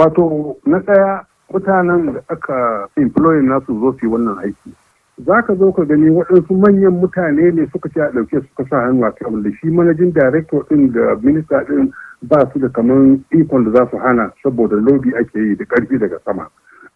wato na ɗaya mutanen da aka employing nasu zo su yi wannan aiki za ka zo ka gani waɗansu manyan mutane ne suka ce a ɗauke suka sa hannu a kan da shi manajin director ɗin da minista ɗin ba su da kaman ikon da za su hana saboda lobby ake yi da ƙarfi daga sama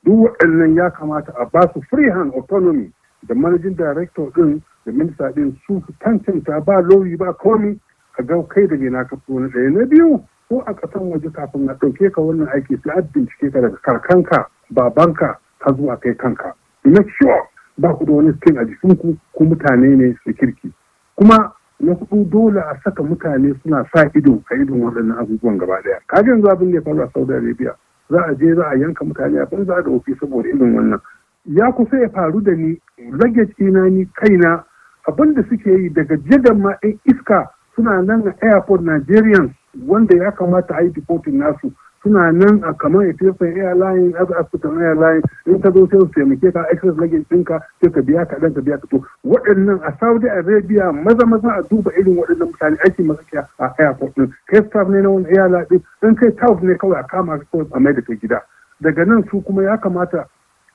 duk waɗannan ya kamata a ba su free hand autonomy da manajin director ɗin da minista ɗin su tantanta ba lobby ba komi a ga kai da na ka na ɗaya na biyu ko a kasan waje kafin na ɗauke ka wannan aiki sai an bincike ka daga karkanka babanka ka zuwa kai kanka ina sure ba ku da wani skin a jikinku ko mutane ne su kirki kuma na kudu dole a saka mutane suna sa ido a idon waɗannan abubuwan gaba ɗaya ka yanzu abin da ya faru a saudi arabia za a je za a yanka mutane a banza da ofi saboda irin wannan ya kusa ya faru da ni rage tsina ni kaina abin da suke yi daga jidan ma ɗin iska suna nan a airport nigerians wanda ya kamata a yi deporting nasu suna nan a kamar Ethiopian Airlines, African Airlines, in ta zo sai su taimake ka excess lagin ɗinka sai ka biya ka ɗan ka biya ka to waɗannan a Saudi Arabia maza maza a duba irin waɗannan mutane aiki kya a airport ɗin kai staff ne na wani airline ɗin in kai staff ne kawai a kama ka kawai a mai da kai gida daga nan su kuma ya kamata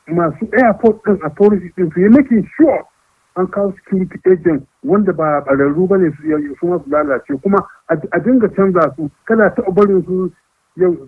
masu airport ɗin authority ɗin su yi making sure an kawo security agent wanda ba ƙararru ba ne su ma su lalace kuma a dinga canza su kana taɓa barin su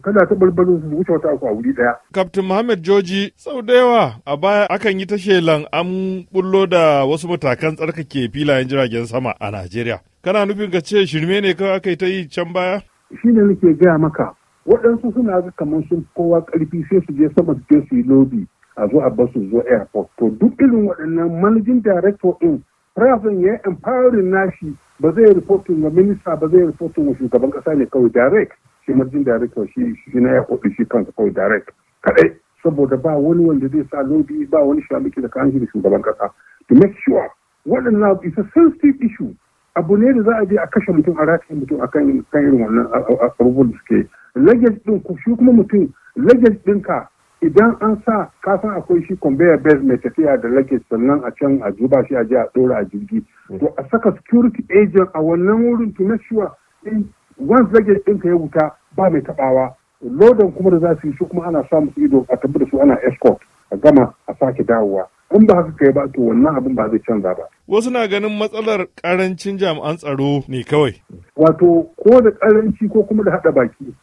kana ta barbarin su wuce wata uku a wuri daya. Kaftin Muhammad Joji sau da yawa a baya akan yi ta shelan an bullo da wasu matakan tsarkake filayen jiragen sama a Najeriya. Kana nufin ka ce shirme ne kawai aka yi ta yi can baya? Shi ne nake gaya maka waɗansu suna ga kamar sun kowa ƙarfi sai su je sama su je su yi lobi a zo a basu zo airport. To duk irin waɗannan managing director ɗin, Rafin ya yi empowering nashi ba zai reportin ga minista ba zai reportin wa shugaban kasa ne kawai direct shi marjin direct shi shi na ya kudu shi kansa kawai direct kadai saboda ba wani wanda zai sa lobi ba wani shamiki da kan shi da shugaban kasa to make sure waɗannan is a sensitive issue abu ne da za a je a kashe mutum a rataye mutum a kan irin wannan abubuwan da suke lagos din ku shi kuma mutum lagos ɗinka idan an sa kasan akwai shi conveyor belt mai tafiya da lake sannan a can a zuba shi a je a dora a jirgi to a saka security agent a wannan wurin to na sure in once ka ya wuta ba mai taɓawa lodan kuma da za su yi su kuma ana samu ido a tabbata su ana escort a gama a sake dawowa in ba haka kai ba to wannan abin ba zai canza ba. Wasu na ganin matsalar karancin jami'an tsaro ne kawai. Wato ko da karanci ko kuma da haɗa baki.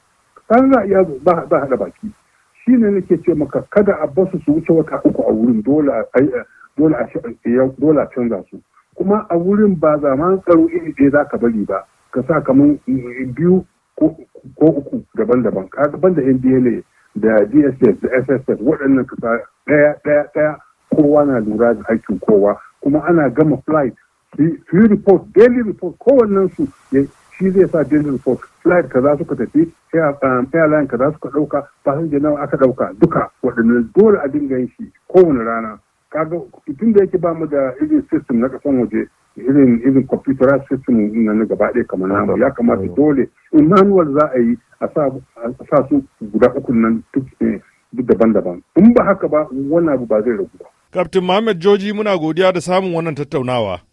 Kan za iya ba haɗa baki. shi ne nake ce maka kada a basu su wuce wata uku a wurin dole a canza su kuma a wurin ba zaman tsaro iri ɗaya za ka bari ba ka sa kamar eh, biyu ko uku daban-daban ka da ndla da dss da sss waɗannan ka sa ɗaya ɗaya ɗaya kowa na lura da aikin kowa kuma ana gama flight su yi report daily report kowannensu shi zai sa jirgin ko flight kaza suka tafi um, airline kaza suka ɗauka fasinja nawa aka ɗauka duka waɗannan dole a dinga yin shi kowane rana kaga tun da yake ba mu da irin system na kasan waje irin irin computer system na na gaba ɗaya kamar namu ya kamata mm-hmm. dole in manual za a yi a sa su guda uku nan eh, duk daban-daban in ba haka ba wannan abu ba zai ragu ba. Kaftin Mohammed Joji muna godiya da samun wannan tattaunawa.